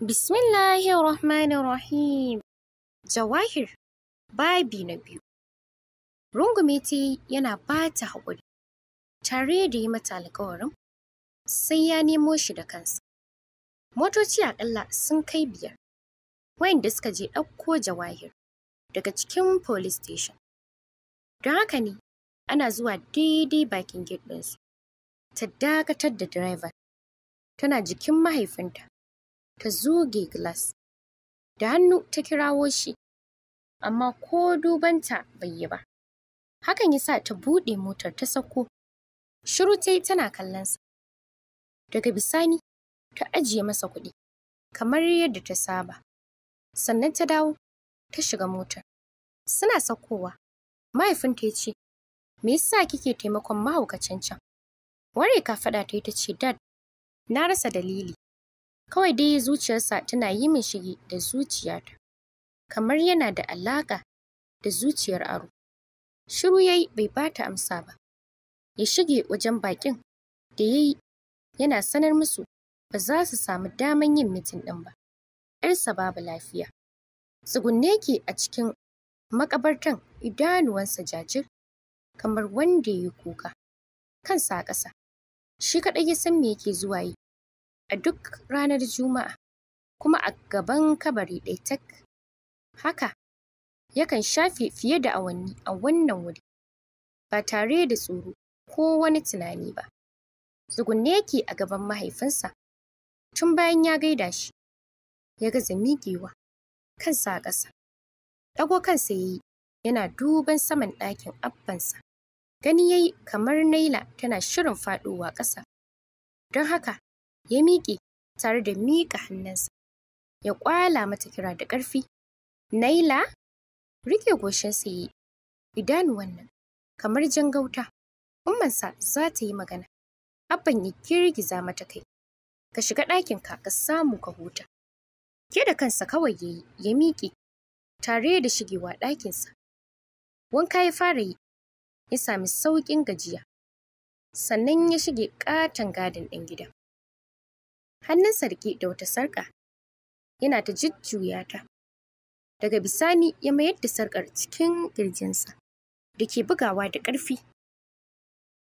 Bismillahirrahmanirrahim. Jawahir babi na biyu. Rungume yana ba ta haƙuri, tare da yi mata alƙawarin sai ya nemo shi da kansa. Motoci aƙalla sun kai biyar, wayanda suka je ɗauko jawahir daga cikin police station. Don haka ne ana zuwa daidai bakin gate ta dakatar da driver, tana jikin mahaifinta. ta zoge glass. Da hannu ta kirawo shi, amma ko dubanta bai yi ba. Hakan ya sa ta buɗe motar ta sauko. Shiru ta yi tana kallonsa. Daga bisani, ta ajiye masa kuɗi, kamar yadda ta saba. Sannan ta dawo, ta shiga motar. Suna sakowa, mahaifinta ya ce, Me yasa kike taimakon mahaukacin can? Ware ka faɗa ta yi ta ce, Dad, na rasa dalili. Kawai dai zuciyarsa tana yi min shige da zuciyata, kamar yana da alaƙa da zuciyar aro. Shiru ya yi bai bata amsa ba. Ya shige wajen baƙin da ya yi yana sanar musu ba za su samu daman yin mitin ɗin ba. ‘Yarsa babu lafiya. Tsugunne ke a cikin makabartan idanuwansa jajir kamar wanda ya kuka. Kansa a ƙasa. Shi kaɗai ya san me yake zuwa yi. a duk ranar Juma'a kuma a gaban kabari ɗaya tak. Haka yakan shafe fiye da awanni a wannan wuri ba tare da tsoro ko wani tunani ba. Tsugunne yake a gaban mahaifinsa tun bayan ya gaida shi ya gaza miƙewa kansa a ƙasa. Ɗago kansa ya yi yana duban saman ɗakin abbansa. Gani ya yi kamar Naila tana shirin faɗowa ƙasa. Don haka ya miƙe tare da miƙa hannunsa ya ƙwala mata kira da ƙarfi. Naila rike goshinsa ya yi idanuwan nan kamar jan gauta. Ummansa za ta yi magana. Abban ya girgiza mata kai. Ka shiga ɗakinka ka samu ka huta. Ke da kansa kawai ya yi ya miƙe tare da shigewa ɗakinsa. Wanka ya fara yi ya sami sauƙin gajiya. Sannan ya shige ƙaton gadon ɗan gidan. Hannun Sarki, da wata sarƙa. Yana ta jujjuya ta. Daga bisani ya mayar da sarƙar cikin ƙirjinsa da ke bugawa da ƙarfi.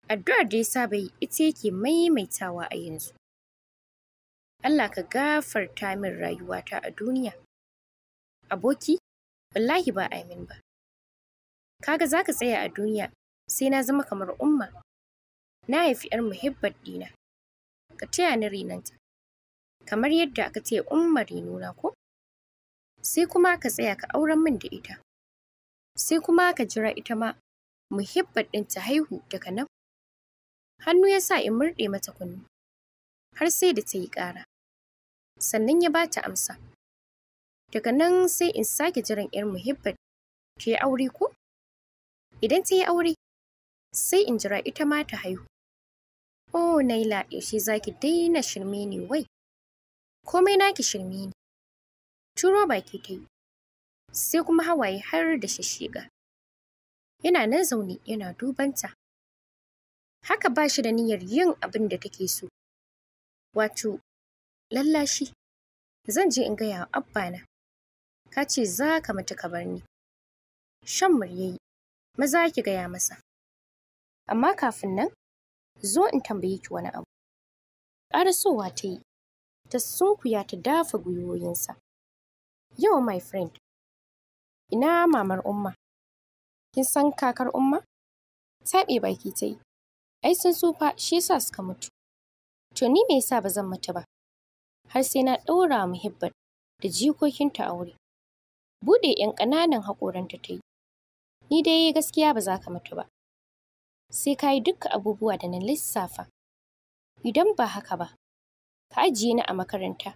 Addu'ar da ya saba yi ita yake maimaitawa a yanzu. Allah ka gafarta min rayuwata a duniya. Aboki, wallahi ba amin ba. Kaga za ka tsaya a duniya sai na zama kamar umma. Na haifi ‘yar muhibbar dina. Ka taya ni rinanta kamar yadda aka ce ummar nuna ko sai kuma ka tsaya ka auren min da ita sai kuma ka jira ita ma muhibbar ɗin ta haihu daga nan hannu ya sa in murɗe mata kunnu har sai da ta yi ƙara sannan ya ba ta amsa daga nan sai in sake jiran 'yar muhibbar ta yi aure ko idan ta yi aure sai in jira ita ma ta haihu. Oh Naila, yaushe za daina shirme ne wai? komai naki shirme ne. Turo baki ta yi, sai kuma hawaye har da shashiga. Yana nan zaune yana dubanta. Haka ba shi da niyyar yin abin da take so. Wato, lallashi, zan je in gaya wa na. ka ce za ka mutu ka bar ni. Shan muryayi, maza ki gaya masa. Amma kafin nan, zo in tambaye ki wani abu. Ƙarasowa ta yi, ta sunkuya ta dafa gwiwoyinsa. Yau my friend, ina mamar Umma? Kin san kakar Umma? Taɓe baki ta yi, ai sun tsufa shi sa suka mutu. To ni mai sa ba zan mutu ba? Har sai na ɗaura muhibbar. da jikokinta aure. Bude ‘yan ƙananan haƙoranta ta yi. Ni dai gaskiya ba za ka mutu ba. Sai ka yi dukka abubuwa da na lissafa. Idan ba haka ba, ka ajiye ni a makaranta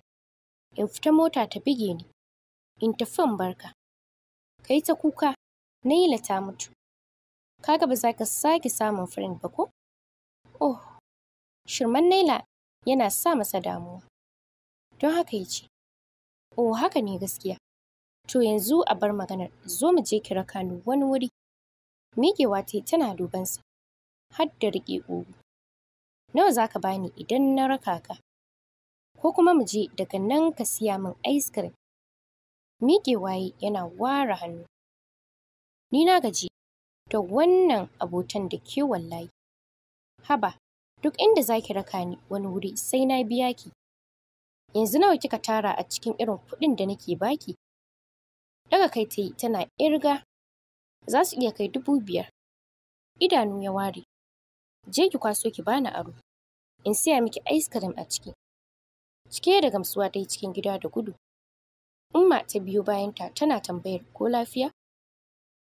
in fita mota ta buge ni in tafi in barka kai ta kuka Naila ta mutu kaga ba za ka sake samun friend ba ko oh shirman Naila yana sa masa damuwa don haka ya ce oh haka ne gaskiya to yanzu a bar maganar zo mu je kira Kano wani wuri miƙewa ta tana dubansa har da riƙe ƙugu nawa za ka bani idan na raka ka ko kuma mu je daga nan ka siya min ice cream. Miƙe waye yana ware hannu. Ni na gaji da wannan abotan da ke wallahi. Haba, duk inda za ki raka ni wani wuri sai na biya ki. Yanzu nawa kika tara a cikin irin kuɗin da nake baki? Daga kai ta yi tana irga za su iya kai dubu biyar. Idanu ya ware. Je ki kwaso ki bani aro. In siya miki ice cream a ciki. Cike da gamsuwa dai cikin gida da gudu. Umma ta biyo bayanta tana tambayar ko lafiya?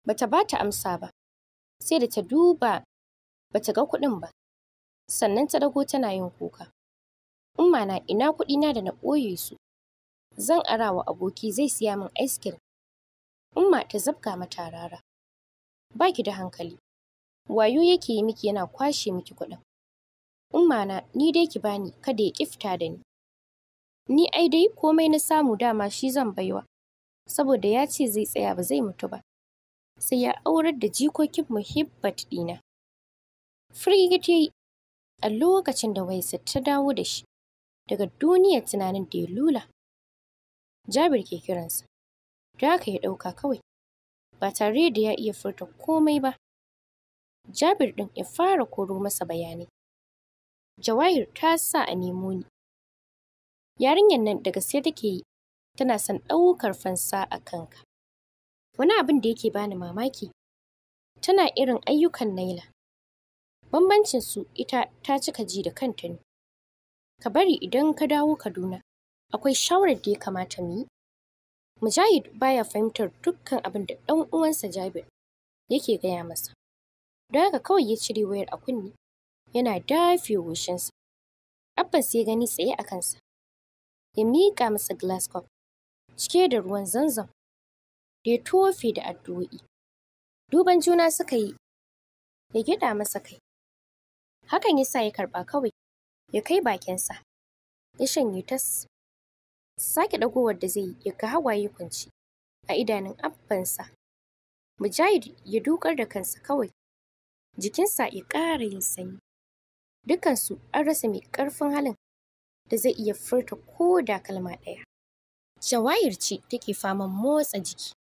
Bata ba ta amsa ba, sai da ta duba bata ga kuɗin ba. Sannan ta dago tana yin kuka. Umma na ina kuɗina da na ɓoye su. Zan arawa aboki zai siya min ice cream. Umma ta zabga mata rara. Ba ki da hankali. Wayo yake yi miki yana kwashe miki kuɗin. Umma na ni dai ki bani kada ya ƙifta da ni. Ni ai dai komai na samu dama shi zan baiwa, saboda ya ce zai tsaya ba zai mutu ba. Sai ya aurar da jikokin muhibbat ɗina. Frigate ya yi a lokacin da waisa ta dawo da shi daga duniya tunanin da ya lula. Jabir ke kiransa, da haka ya ɗauka kawai, ba tare da ya iya furta komai ba. Jabir ɗin ya fara koro masa bayanai. Jawahir ta sa a nemo ni, Yarinyar nan da gaske take yi, tana son ɗaukar fansa a kanka. Wani abin da yake bani mamaki, tana irin ayyukan Naila. Bambancin su ita ta cika ji da kanta ne. Ka bari idan ka dawo Kaduna, akwai shawarar da ya kamata mu yi. Mujahid baya fahimtar dukkan abin da ɗan uwansa Jabir yake gaya masa. Don haka kawai ya cire wayar a kunne, yana dafe goshinsa. Abbas ya gani tsaye a kansa. ya miƙa masa glass cup cike da ruwan zanzam da ya tofe da addu'o'i. Duban juna suka yi, ya gida masa kai. Hakan ya sa ya karɓa kawai, ya kai bakinsa, ya shanye tas. Sake ɗagowar da zai yi ya ga hawaye kwanci a idanun abbansa. Mujahid ya dukar da kansa kawai, jikinsa ya ƙara yin sanyi. Dukansu an rasa mai ƙarfin halin da zai iya furta ko da kalma ɗaya. Shawayar ce take faman motsa jiki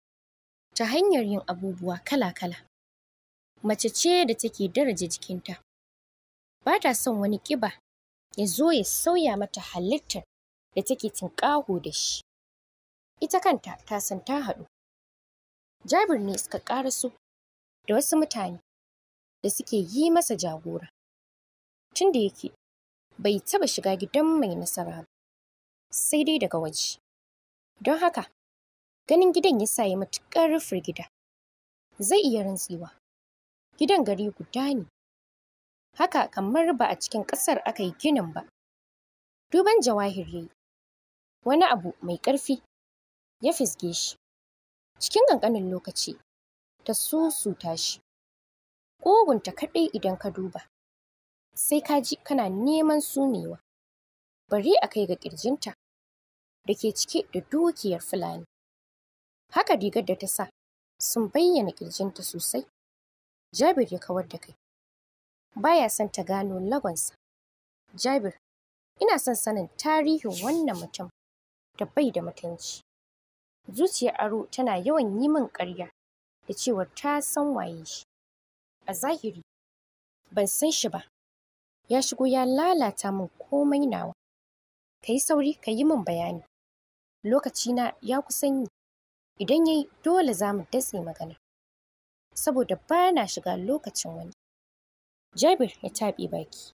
ta hanyar yin abubuwa kala-kala. Mace ce da take daraja jikinta. Ba ta son wani ƙiba ya zo ya sauya mata halittar da take tinƙaho da shi. Ita kanta ta san ta haɗu. Jabir ne suka ƙaraso da wasu mutane da suke yi masa jagora. Tun da yake bai taɓa shiga gidan mai nasara ba, sai dai daga waje. Don haka, ganin gidan ya sa ya matuƙar firgida. Zai iya rantsewa, gidan gari guda ne, haka kamar ba a cikin ƙasar aka yi ginin ba. Duban jawahir ya yi, wani abu mai ƙarfi ya fisge shi. Cikin ƙanƙanin lokaci, ta susuta shi. Ƙugunta kaɗai idan ka duba, sai ka ji kana neman sumewa. Bari a kai ga ƙirjinta da ke cike da dukiyar Fulani. Haka rigar da ta sa sun bayyana ƙirjinta sosai. Jabir ya kawar da kai. Baya son ta gano lagonsa. Jabir, ina son sanin tarihin wannan mutum da bai da mutunci. Zuciyar aro tana yawan yi min ƙarya da cewa ta san waye shi. A zahiri, ban san shi ba, ya shigo ya lalata min komai nawa ka yi sauri ka yi min bayani lokacina ya kusan yi idan ya yi dole za mu datse magana saboda ba na shiga lokacin wani jabir ya taɓe baki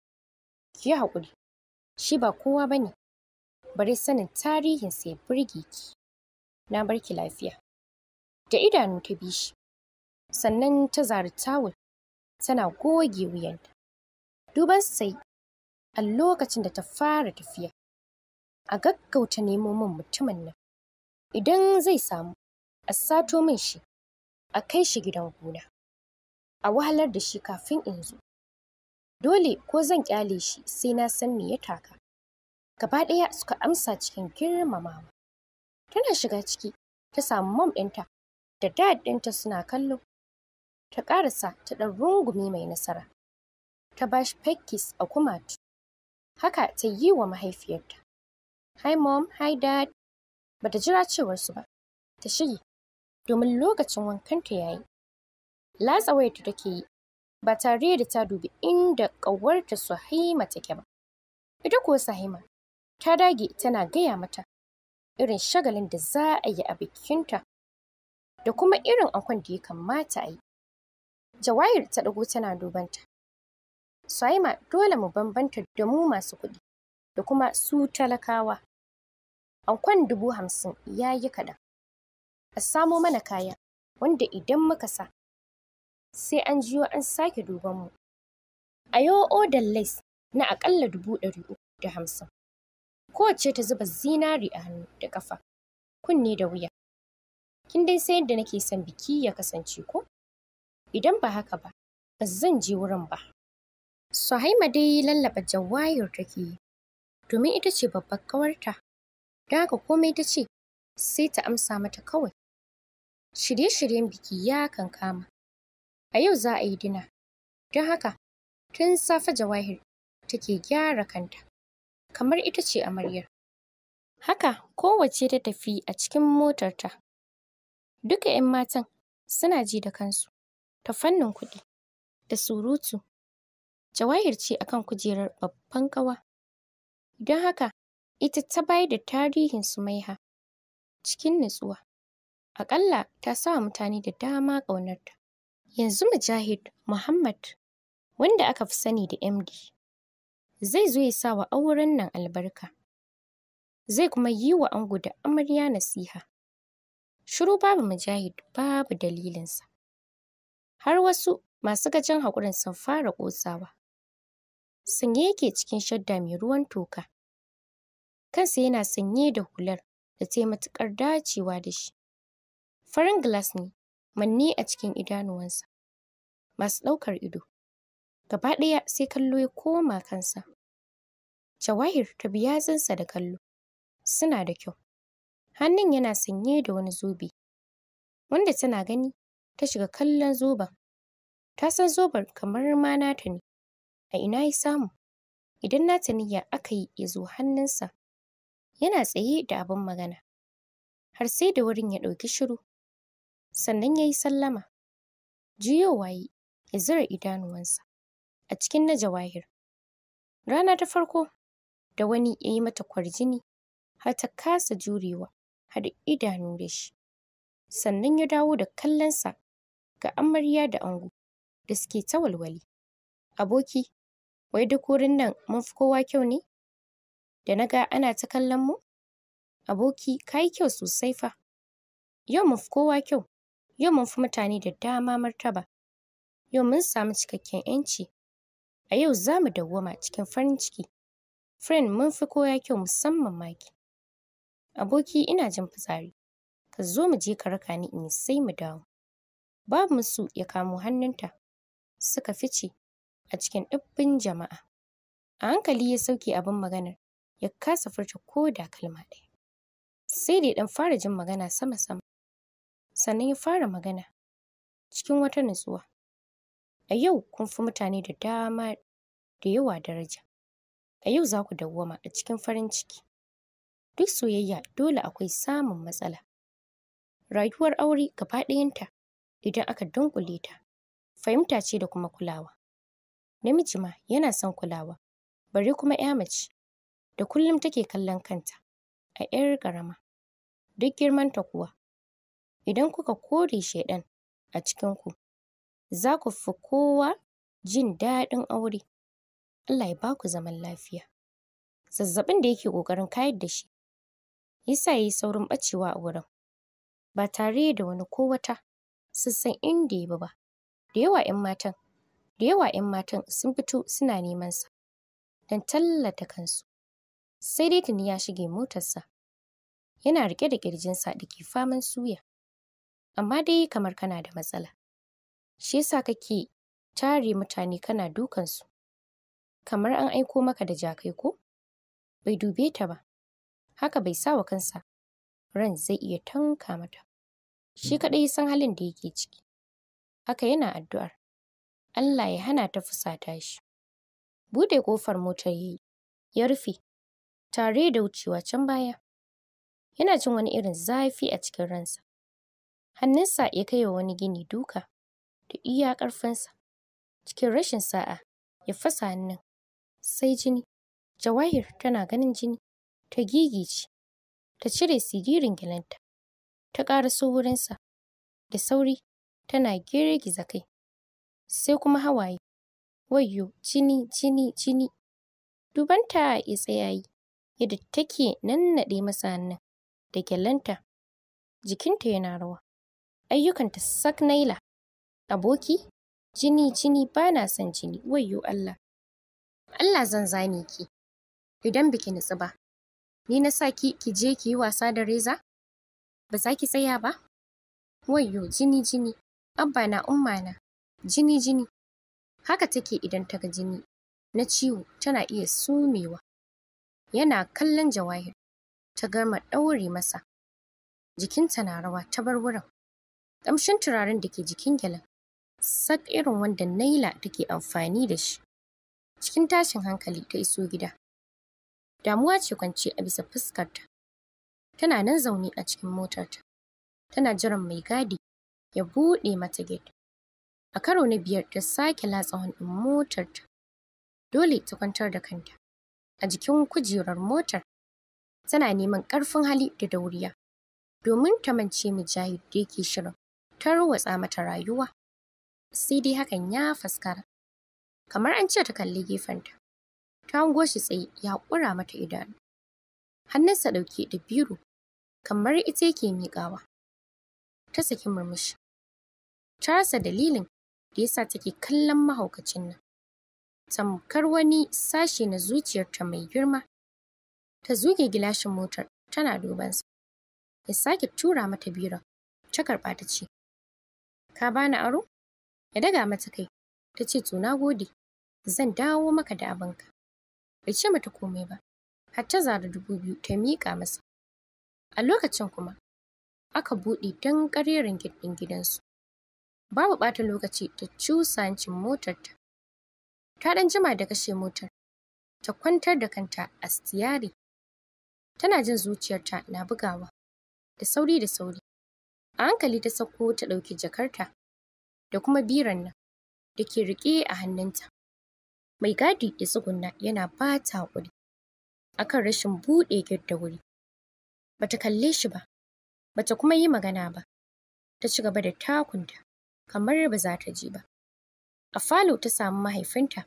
ki yi haƙuri shi ba kowa ba ne bari sanin tarihin sai birge ki na barki lafiya da idanu ta bi shi sannan ta zari tawul tana goge wuyanta duban sai a lokacin da ta fara tafiya. A gaggauta nemo min mutumin nan, idan zai samu, a sato min shi, a kai shi gidan gona, a wahalar da shi kafin in zo. Dole ko zan kyale shi sai na san me ya taka. Gaba ɗaya suka amsa cikin girmamawa. Tana shiga ciki, ta samu mom ɗinta da dad ɗinta suna kallo. Ta ƙarasa ta ɗan rungumi mai nasara. ta ba shi pekis a kumatu. Haka ta yi wa mahaifiyarta. Hi mom, hi dad. Ba ta jira cewarsu ba, ta shige, domin lokacin wankanta ya yi. Latsa wayarta take yi, ba tare da ta dubi inda ƙawarta ta take ba. Ita kuwa haima. ta dage tana gaya mata irin shagalin da za a yi a bikinta da kuma irin akwai da ya kamata a yi. Jawahir ta ɗago tana dubanta. Suhaima dole mu bambanta da mu masu kuɗi da kuma su talakawa. Ankon dubu hamsin ya yi kaɗan. A samo mana kaya wanda idan muka sa sai an jiyo an sake dubanmu. mu. A yo odar lais na aƙalla dubu ɗari uku da hamsin. Kowace ta zuba zinari a hannu da ƙafa, kunne da wuya. Kin dai sai da nake son biki ya kasance ko? Idan ba haka ba, ba zan je wurin ba. Suhaima dai lallaɓa Jawahir take yi, domin ita ce babbar kawarta don haka komai ta ce sai ta amsa mata kawai. Shirye-shiryen biki ya kan kama A yau za a yi dina, don haka tun safe Jawahir take gyara kanta, kamar ita ce amaryar. Haka kowace ta tafi a cikin motarta. Duka ‘yan matan suna ji da kansu, ta fannin kuɗi, da surutu, Jawahir ce akan kujerar babban kawa. don haka ita ta bayar da tarihin sumaiha cikin nutsuwa. Aƙalla ta sa wa mutane da dama ƙaunarta. Yanzu Mujahid Muhammad, wanda aka fi sani da MD, zai zo ya sa wa auren nan albarka. Zai kuma yi wa ango da amarya nasiha. Shiru babu Mujahid babu dalilinsa. Har wasu masu gajen haƙurin sun fara ƙosawa. sanye yake cikin shadda mai ruwan toka. Kansa yana sanye da hular da ta yi matuƙar dacewa da shi. Farin gilas ne, manne a cikin idanuwansa, masu ɗaukar ido. Gaba ɗaya sai kallo ya koma kansa. Jawahir ta bi yatsunsa da kallo. Suna da kyau. Hannun yana sanye da wani zobe, wanda tana gani ta shiga kallon zoben. Ta san zoben kamar ma nata ne. a ina ya samu idan nata niyya aka yi ya zo hannunsa yana tsaye da abin magana har sai da wurin ya ɗauki shiru sannan ya yi sallama jiyo waye ya zira idanuwansa a cikin na jawahir rana ta farko da wani ya yi mata kwarjini har ta kasa jurewa Har idanu da shi sannan ya dawo da kallonsa ga amarya da ango da suke ta walwali aboki wai duk wurin nan mun fi kowa kyau ne? Da na ga ana ta kallon mu? Aboki, ka yi kyau sosai fa. Yau mun fi kowa kyau, yau mun fi mutane da dama martaba. Yau mun samu cikakken ‘yanci. A yau za mu dawwama cikin farin ciki. Friend, mun fi kowa kyau musamman maki. Aboki, ina jin fitsari. Ka zo mu je ka raka ni in sai mu dawo. Babu musu ya kamo hannunta. Suka fice a cikin ɗubbin jama'a. A hankali ya sauke abin maganar, ya kasa furta ko da kalma ɗaya. Sai da ya ɗan fara jin magana sama-sama, sannan ya fara magana cikin wata nutsuwa. A yau kun fi mutane da dama da yawa daraja. A yau za ku dawwama a cikin farin ciki. Duk soyayya dole akwai samun matsala. Rayuwar aure gaba ɗayanta idan aka dunƙule ta, fahimta ce da kuma kulawa. Namiji ma yana son kulawa, bare kuma ‘ya mace da kullum take kallon kanta a ‘yar ƙarama, duk girmanta kuwa. Idan kuka kore shaiɗan a cikinku, za ku fi kowa jin daɗin aure. Allah ya ba ku zaman lafiya. Zazzaɓin da yake ƙoƙarin kayar da shi, ya sa ya yi saurin ɓacewa a wurin, ba tare da wani ko wata sassan inda ya bi ba. Da yawa ‘yan matan da yawa 'yan matan sun fito suna neman sa don tallata kansu. Sai dai tuni ya shige motarsa, yana rike da ƙirjinsa da ke faman suya. Amma dai kamar kana da matsala, shi yasa kake tare mutane kana dukansu, kamar an aiko maka da jakai ko? Bai dube ta ba, haka bai sa wa kansa ran zai iya tanka mata. Shi kaɗai san halin da yake ciki, haka yana addu'ar. Allah ya hana ta fusata shi. Bude ƙofar motar yayi, ya rufe, tare da wucewa can baya. Yana jin wani irin zafi a cikin ransa. Hannunsa ya kai wa wani gini duka, da iya ƙarfinsa. Cikin rashin sa'a, ya fasa hannun. Sai jini, Jawahir tana ganin jini, ta gigice, ta cire siririn gilanta, ta ƙaraso wurinsa, da sauri tana girgiza kai. sai kuma hawaye. Wayyo, jini, jini, jini. Dubanta ya tsaya yi. yadda take nannaɗe masa hannun da gyallanta. Jikinta yana rawa. Ayyukanta sak naila. Aboki, jini, jini, ba na son jini, wayyo Allah. Allah zan zane ki, idan biki nutsu ba. Ni na sa ki ki je ki yi wasa da reza? Ba za ki tsaya ba? Wayyo, jini, jini, abba na umma na. jini jini haka take idan ta ga jini na ciwo tana iya sumewa yana kallon jawahir ta gama ɗaure masa jikinta na rawa ta bar wurin ƙamshin turaren da ke jikin gyalen sak irin wanda naila take amfani da shi cikin tashin hankali ta iso gida damuwa ce kwance a bisa fuskarta tana nan zaune a cikin motarta tana jiran mai gadi ya buɗe mata gate A karo na biyar da sake latsa hon motar ta. Dole ta kwantar da kanta a jikin kujerar motar. Tana neman ƙarfin hali da dauriya domin ta mance Mujahid da yake shirin tarwatsa mata rayuwa. Sai dai hakan ya faskara. Kamar an ce ta kalli gefen Ta hango shi tsaye ya ƙura mata idanu. Hannunsa ɗauke da biro kamar ita yake miƙawa. Ta saki murmushi. Ta rasa dalilin da yasa take kallon mahaukacin nan. Tamkar wani sashe na zuciyarta mai girma. Ta zuge gilashin motar tana sa Ya sake tura mata bira. ta karɓa ta ce, Ka bani aro? Ya daga mata kai, ta ce to na gode, zan dawo maka da abinka. Bai ce mata komai ba, har ta zara dubu biyu ta miƙa masa. A lokacin kuma, aka buɗe don ƙareren gidan gidansu. babu ɓata lokaci ta cusa hancin motarta. Ta ɗan jima da kashe motar, ta kwantar da kanta a stiyari. Tana jin zuciyarta na bugawa, da sauri da sauri. A hankali ta sauko ta ɗauki jakarta da kuma biran nan da ke riƙe a hannunta. Mai gadi ya tsugunna yana bata ta haƙuri akan rashin buɗe gate da wuri. Bata kalle shi ba, bata kuma yi magana ba. Ta ci gaba da takunta. kamar ba za ta ji ba. A falo ta samu mahaifinta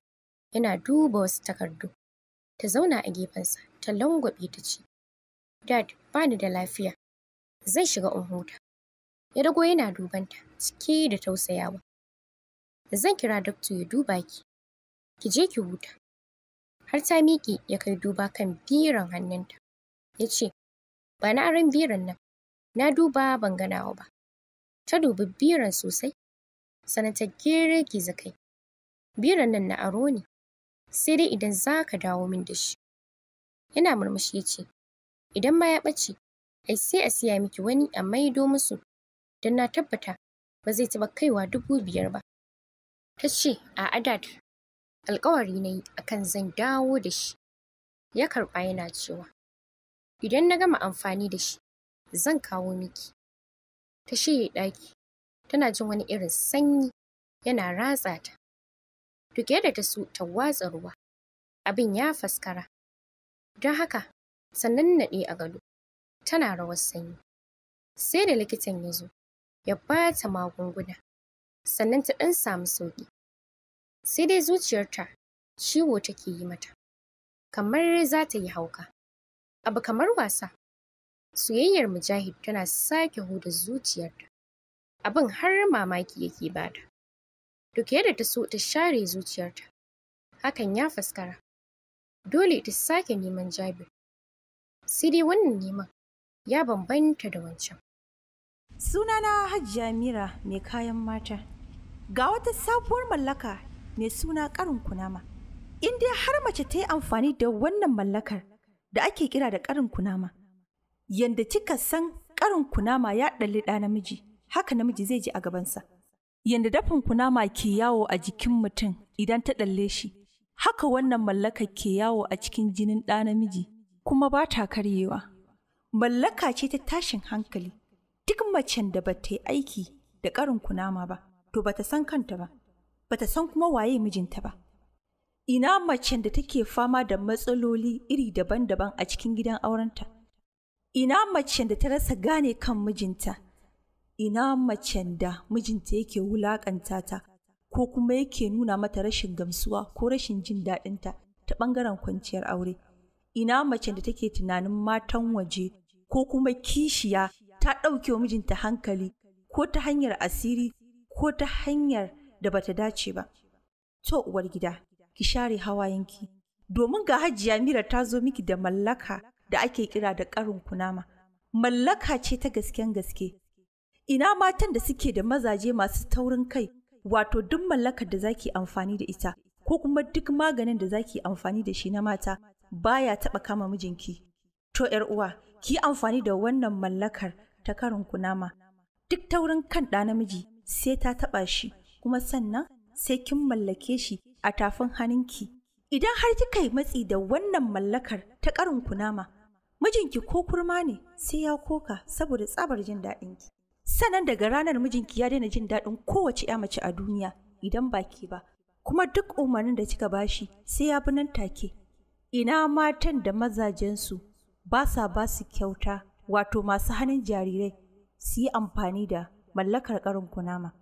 yana duba wasu takardu. Ta zauna a gefensa ta langwabe ta ce, Dad, ba ni da lafiya, Zai shiga in huta. Ya dago yana dubanta cike da tausayawa. Zan kira dokta ya duba ki, ki je ki huta. Har ta miƙe ya kai duba kan biran hannunta. Ya ce, Ba na aron biran nan, na duba ban ganawa ba. Ta dubi biran sosai sanatar ta gizakai kai. Biran nan na aro ne, sai dai idan za ka dawo min da shi. Yana murmushi ya ce, idan ma ya ɓace, ai sai a siya miki wani a maido musu, don na tabbata ba zai taɓa kaiwa dubu biyar ba. Ta ce, a adad, alkawari na yi akan zan dawo da shi. Ya karɓa yana cewa, idan na gama amfani da shi, zan kawo miki. Ta shirya ɗaki, tana jin wani irin sanyi yana ratsa ta. Duke da ta su ta watsa ruwa, abin ya faskara. Don haka, sannan naɗe a gado, tana rawar sanyi. Sai da likitan ya zo, ya ba ta magunguna, sannan ta ɗan samu sauƙi. Sai dai zuciyarta ciwo take yi mata, kamar za ta yi hauka. Abu kamar wasa, soyayyar mujahid tana sake huda zuciyarta. Abin har mamaki yake bata. Duk yadda ta so ta share zuciyarta, hakan ya faskara. Dole ta sake neman Jabir. Sai dai wannan neman ya bambanta da wancan. Sunana Hajiya Mira mai kayan mata. Ga wata sabuwar mallaka mai suna karin kunama. In dai har mace ta yi amfani da wannan mallakar da ake kira da karin kunama. Yanda kika san karin kunama ya ɗalli ɗa namiji. haka namiji zai ji a gabansa. Yanda dafin kunama ke yawo a jikin mutum idan ta ɗalle shi, haka wannan mallaka ke yawo a cikin jinin ɗa namiji kuma ba ta karyewa. Mallaka ce ta tashin hankali, duk macen da ba ta yi aiki da ƙarin kunama ba, to ba ta san kanta ba, ba ta san kuma waye mijinta ba. Ina macen da take fama da matsaloli iri daban-daban a cikin gidan aurenta. Ina macen da ta rasa gane kan mijinta. ina macen da mijinta yake wulaƙanta ta ko kuma yake nuna mata rashin gamsuwa ko rashin jin daɗinta ta ɓangaren kwanciyar aure. Ina macen da take tunanin matan waje ko kuma kishiya ta ɗauke wa mijinta hankali ko ta hanyar asiri ko ta hanyar da bata dace ba. To uwar gida, ki share hawayenki. Domin ga hajiya mira ta zo miki da mallaka da ake kira da ƙarin kunama. Mallaka ce ta gasken gaske ina matan da suke da mazaje masu taurin kai wato duk mallakar da zaki amfani da ita ko kuma duk maganin da zaki amfani da shi na mata baya taba kama mijinki to yar uwa ki amfani da wannan mallakar ta karin kunama duk taurin kan da namiji sai ta taɓa shi kuma sannan sai kin mallake shi a tafin hannunki idan har kika yi matsi da wannan mallakar ta karin kunama mijinki ko kurma ne sai ya koka saboda tsabar jin daɗinki sannan daga ranar mijinki ya daina jin daɗin kowace ya mace a duniya idan baki ba kuma duk umarnin da kika bashi sai ya bi nan take ina matan da mazajensu ba sa ba su kyauta wato masu hannun jarirai su yi amfani da mallakar karin kunama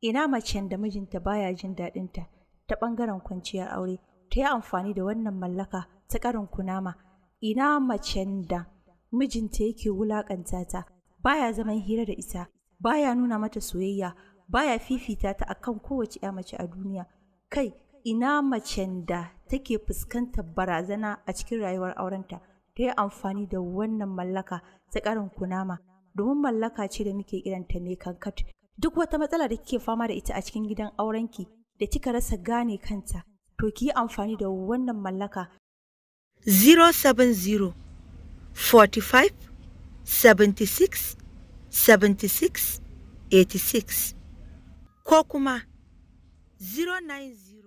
ina macen da mijinta baya jin daɗinta ta ɓangaren kwanciyar aure ta yi amfani da wannan mallaka ta karin kunama ina macen da mijinta yake wulaƙanta ta baya zaman hira da ita baya nuna mata soyayya baya fifita ta akan kowace ya mace a duniya kai ina macen da take fuskantar barazana a cikin rayuwar aurenta ta yi amfani da wannan mallaka ta karin kunama domin mallaka ce da muke kiranta mai kankat duk wata matsala da kike fama da ita a cikin gidan aurenki da kika rasa gane kanta to ki yi amfani da wannan mallaka 070 45 76 76 86 ko kuma 090